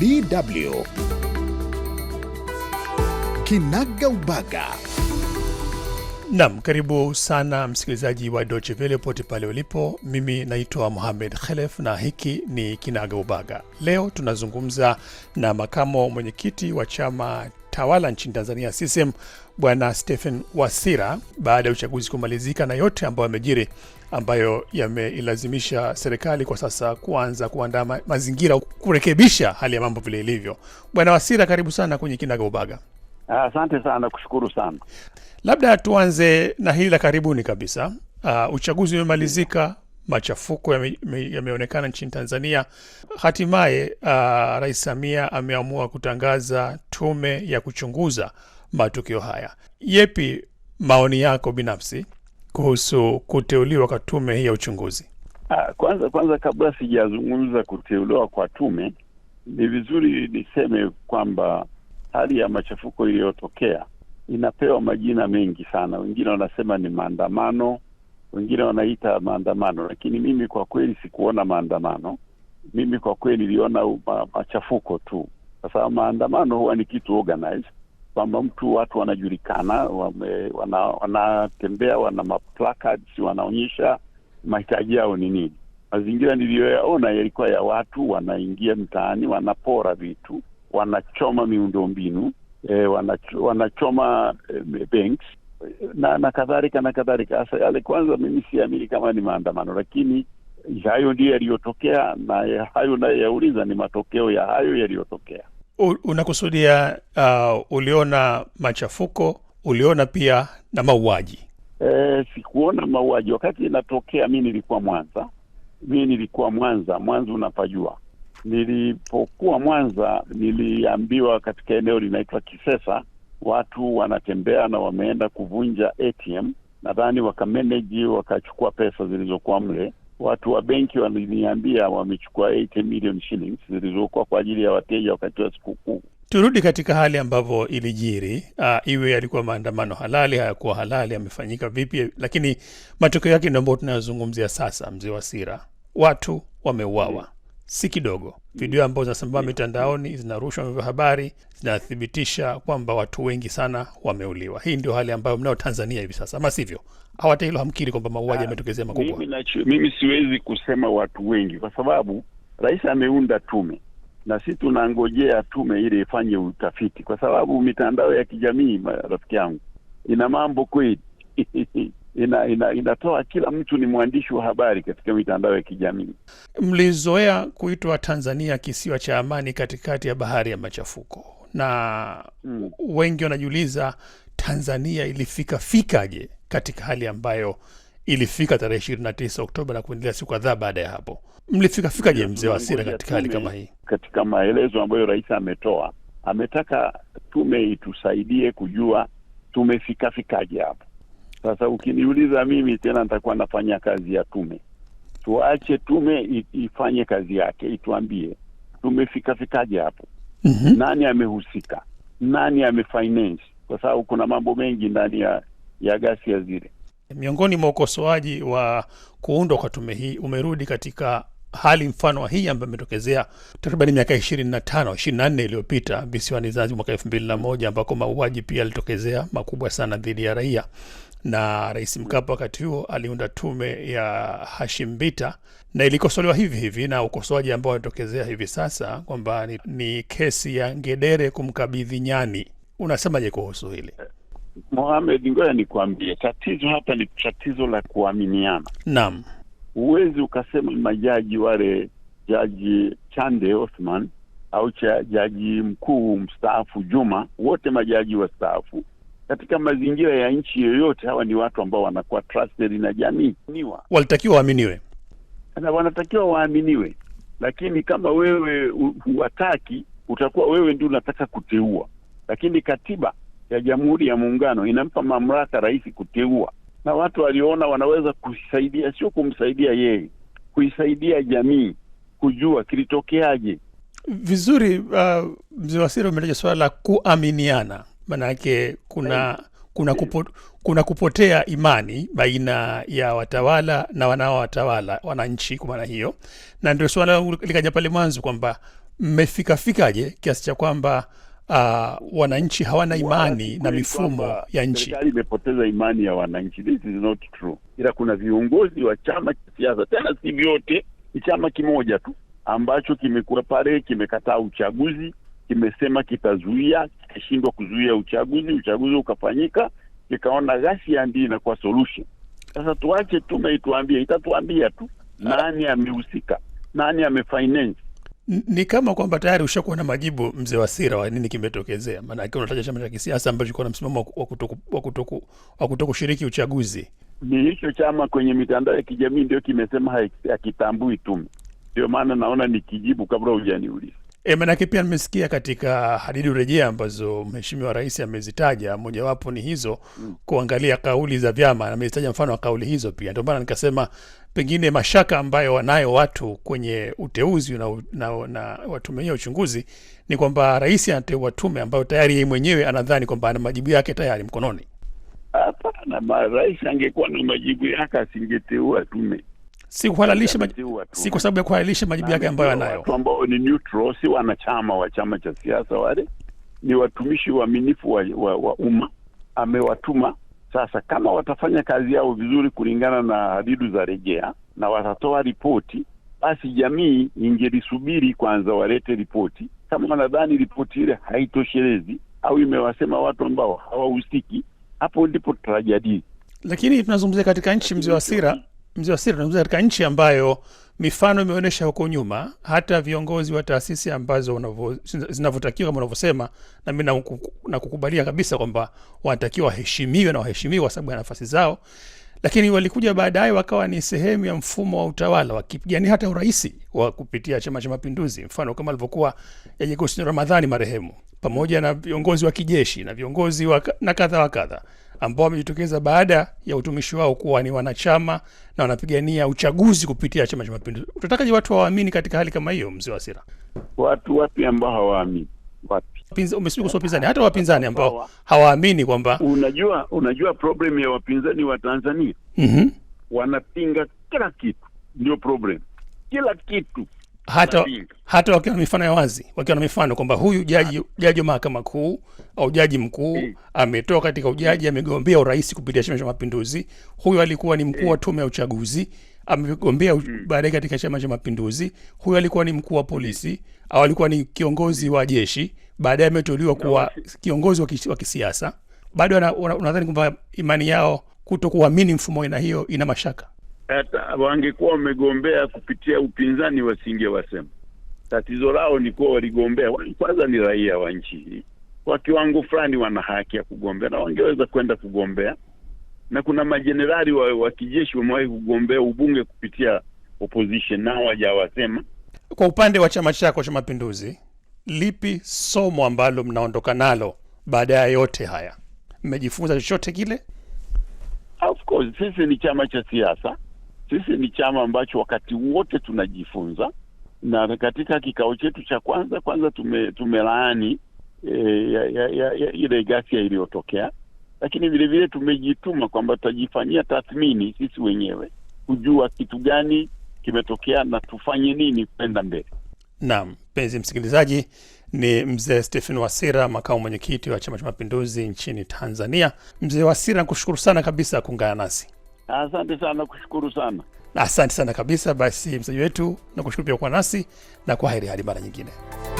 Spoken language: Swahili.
BW. Kinaga Ubaga. Naam, karibu sana msikilizaji wa Deutsche Welle pote pale ulipo. Mimi naitwa Mohamed Khelef na hiki ni Kinaga Ubaga. Leo tunazungumza na makamo mwenyekiti wa chama tawala nchini Tanzania CCM Bwana Stephen Wasira baada ya uchaguzi kumalizika na yote ambayo yamejiri ambayo yameilazimisha serikali kwa sasa kuanza kuandaa mazingira kurekebisha hali ya mambo vile ilivyo. Bwana Wasira, karibu sana kwenye Kinaga Ubaga. Asante sana, kushukuru sana. Labda tuanze na hili la karibuni kabisa. Uh, uchaguzi umemalizika, machafuko yameonekana nchini Tanzania. Hatimaye uh, Rais Samia ameamua kutangaza tume ya kuchunguza matukio haya. Yepi maoni yako binafsi kuhusu kuteuliwa kwa tume hii ya uchunguzi? Ah, kwanza kwanza, kabla sijazungumza kuteuliwa kwa tume, ni vizuri niseme kwamba hali ya machafuko iliyotokea inapewa majina mengi sana. Wengine wanasema ni maandamano, wengine wanaita maandamano, lakini mimi kwa kweli sikuona maandamano. Mimi kwa kweli niliona machafuko tu, kwa sababu maandamano huwa ni kitu organized kwamba mtu watu wanajulikana, wanatembea, wana, wana maplacards wanaonyesha mahitaji yao ni nini. Mazingira niliyoyaona yalikuwa ya watu wanaingia mtaani, wanapora vitu, wanachoma miundombinu e, wanachoma eh, banks na na kadhalika na kadhalika. hasa yale kwanza, mimi siamini kama ni maandamano, lakini hayo ndio yaliyotokea, na hayo naye yauliza ni matokeo ya hayo yaliyotokea. Unakusudia uh, uliona machafuko, uliona pia na mauaji? E, sikuona mauaji wakati inatokea. Mi nilikuwa Mwanza, mi nilikuwa Mwanza. Mwanza unapajua, nilipokuwa Mwanza niliambiwa katika eneo linaitwa Kisesa watu wanatembea na wameenda kuvunja ATM, nadhani wakameneji wakachukua pesa zilizokuwa mle. Watu wa benki waliniambia wamechukua 80 million shillings zilizokuwa kwa ajili ya wateja wakati wa sikukuu. Turudi katika hali ambavyo ilijiri. Uh, iwe yalikuwa maandamano halali, hayakuwa halali, yamefanyika vipi, lakini matokeo yake ndio ambayo tunayozungumzia sasa. Mzee Wasira, watu wameuawa, si kidogo. Video ambazo zinasambaa mitandaoni zinarushwa vyombo vya habari zinathibitisha kwamba watu wengi sana wameuliwa. Hii ndio hali ambayo mnayo Tanzania hivi sasa, ama sivyo? Au hata hilo hamkiri kwamba mauaji ah, yametokezea makubwa? Mimi, mimi siwezi kusema watu wengi, kwa sababu rais ameunda tume na sisi tunangojea tume ili ifanye utafiti, kwa sababu mitandao ya kijamii, rafiki yangu, ina mambo kweli ina, ina, inatoa kila mtu ni mwandishi wa habari katika mitandao ya kijamii. Mlizoea kuitwa Tanzania kisiwa cha amani katikati ya bahari ya machafuko, na mm, wengi wanajiuliza Tanzania ilifika fikaje katika hali ambayo ilifika tarehe ishirini na tisa Oktoba na kuendelea siku kadhaa baada ya hapo. Mlifika fikaje, mzee wa Asira, katika hali kama hii? Katika maelezo ambayo rais ametoa, ametaka tume itusaidie kujua tumefika fikaje hapo sasa ukiniuliza mimi tena, nitakuwa nafanya kazi ya tume. Tuache tume ifanye kazi yake, ituambie tumefikafikaje hapo. mm -hmm. Nani amehusika, nani amefinance, kwa sababu kuna mambo mengi ndani ya ya ghasia zile. Miongoni mwa ukosoaji wa kuundwa kwa tume hii umerudi katika hali mfano wa hii ambayo imetokezea takriban miaka ishirini na tano ishirini na nne iliyopita visiwani Zanzibar mwaka elfu mbili na moja ambako mauaji pia yalitokezea makubwa sana dhidi ya raia na Rais Mkapa wakati huo aliunda tume ya Hashim na ilikosolewa hivi hivi, na ukosoaji ambao wametokezea hivi sasa kwamba ni, ni kesi ya ngedere kumkabidhi nyani. Unasemaje kuhusu hili Mohamed? Ngoja nikwambie, tatizo hapa ni tatizo la kuaminiana. Naam, huwezi ukasema majaji wale, Jaji Chande Othman au cha jaji mkuu mstaafu Juma, wote majaji wastaafu katika mazingira ya nchi yoyote, hawa ni watu ambao wanakuwa trusted na jamii, walitakiwa waaminiwe na wanatakiwa waaminiwe. Lakini kama wewe huwataki, utakuwa wewe ndio unataka kuteua, lakini katiba ya Jamhuri ya Muungano inampa mamlaka rais kuteua, na watu waliona wanaweza kusaidia, sio kumsaidia yeye, kuisaidia jamii kujua kilitokeaje vizuri. Uh, mzee Wasiri umetaja swala la kuaminiana Manake kuna kuna, kupo, kuna kupotea imani baina ya watawala na wanaowatawala wananchi, kwa maana hiyo, na ndio suala likaja pale mwanzo kwamba mmefikafikaje kiasi cha kwamba uh, wananchi hawana imani na mifumo ya nchi. imepoteza imani ya wananchi, this is not true. Ila kuna viongozi wa chama cha siasa, tena si vyote, ni chama kimoja tu ambacho kimekuwa pale, kimekataa uchaguzi, kimesema kitazuia ikashindwa kuzuia uchaguzi, uchaguzi ukafanyika, ikaona ghasia ndio inakuwa solution. Sasa tuache tume ituambie, itatuambia tu nani amehusika, nani amefinance. Ni kama kwamba tayari ushakuwa na majibu, mzee sira wa nini kimetokezea. Maanake unataja chama cha kisiasa ambacho kilikuwa na msimamo wa kutokushiriki uchaguzi. Ni hicho chama kwenye mitandao ya kijamii ndio kimesema hakitambui tume. Ndio maana naona kijibu kabla hujaniuliza. E, eh, maanake pia nimesikia katika hadidu rejea ambazo mheshimiwa rais amezitaja, mojawapo ni hizo mm. kuangalia kauli za vyama, na amezitaja mfano wa kauli hizo pia. Ndio maana nikasema pengine mashaka ambayo wanayo watu kwenye uteuzi na, na, na watume hiyo uchunguzi ni kwamba rais anateua tume ambayo tayari yeye mwenyewe anadhani kwamba ana majibu yake tayari mkononi. Hapana, rais angekuwa na majibu yake asingeteua tume si kuhalalisha maj... si kwa sababu ya kuhalalisha majibu yake ambayo anayo. Watu ambao ni neutral, si wanachama wa chama cha siasa, wale ni watumishi waaminifu wa, wa, wa umma amewatuma. Sasa kama watafanya kazi yao vizuri kulingana na hadidu za rejea na watatoa ripoti, basi jamii ingelisubiri kwanza walete ripoti. Kama wanadhani ripoti ile haitoshelezi au imewasema watu ambao hawahusiki, hapo ndipo tutajadili. Lakini tunazungumzia katika nchi mzee wa sira Mzee Wasira anazungumza katika nchi ambayo mifano imeonyesha huko nyuma, hata viongozi wa taasisi ambazo zinavyotakiwa kama unavyosema, nami nakukubalia kabisa kwamba wanatakiwa waheshimiwe na kwa sababu ya nafasi zao, lakini walikuja baadaye wakawa ni sehemu ya mfumo wa utawala wakipigania hata urais wa kupitia Chama cha Mapinduzi, mfano kama alivyokuwa Jaji Ramadhani marehemu, pamoja na viongozi wa kijeshi na viongozi wa na kadha wa kadha ambao wamejitokeza baada ya utumishi wao kuwa ni wanachama na wanapigania uchaguzi kupitia Chama cha Mapinduzi. Tunatakaje watu hawaamini katika hali kama hiyo, mzee Wasira? Watu wapi ambao hawaamini? Wapi hata wapinzani ambao hawaamini kwamba, unajua unajua problem ya wapinzani wa Tanzania mm -hmm. wanapinga kila kitu, ndio problem, kila kitu hata, hata wakiwa na mifano ya wazi, wakiwa na mifano kwamba huyu jaji jaji wa mahakama kuu au jaji mkuu ametoka katika ujaji, amegombea urais kupitia Chama cha Mapinduzi. Huyu alikuwa ni mkuu wa tume ya uchaguzi, amegombea baadaye katika Chama cha Mapinduzi. Huyu alikuwa ni mkuu wa polisi au alikuwa ni kiongozi wa jeshi, baadaye ameteuliwa kuwa kiongozi wa kisiasa. Bado unadhani kwamba imani yao kuto kuamini mfumo aina hiyo ina mashaka hata wangekuwa wamegombea kupitia upinzani wasingewasema. Tatizo lao ni kuwa waligombea, kwanza ni raia wa nchi hii, kwa kiwango fulani wana haki ya kugombea na wangeweza kwenda kugombea, na kuna majenerali wa, wa kijeshi wamewahi kugombea ubunge kupitia opposition, nao wajawasema. Kwa upande wa chama chako cha Mapinduzi, lipi somo ambalo mnaondoka nalo baada ya yote haya? Mmejifunza chochote kile? Of course sisi ni chama cha siasa sisi ni chama ambacho wakati wote tunajifunza, na katika kikao chetu cha kwanza kwanza tume, tumelaani e, ya, ya, ya, ya, ile gasia iliyotokea, lakini vilevile tumejituma kwamba tutajifanyia tathmini sisi wenyewe kujua kitu gani kimetokea na tufanye nini kwenda mbele. Naam, mpenzi msikilizaji, ni mzee Stephen Wasira, makamu mwenyekiti wa Chama cha Mapinduzi nchini Tanzania. Mzee Wasira, kushukuru sana kabisa kuungana nasi. Asante sana, kushukuru sana, asante sana kabisa. Basi msaji wetu, nakushukuru pia kuwa nasi na kwa heri hadi mara nyingine.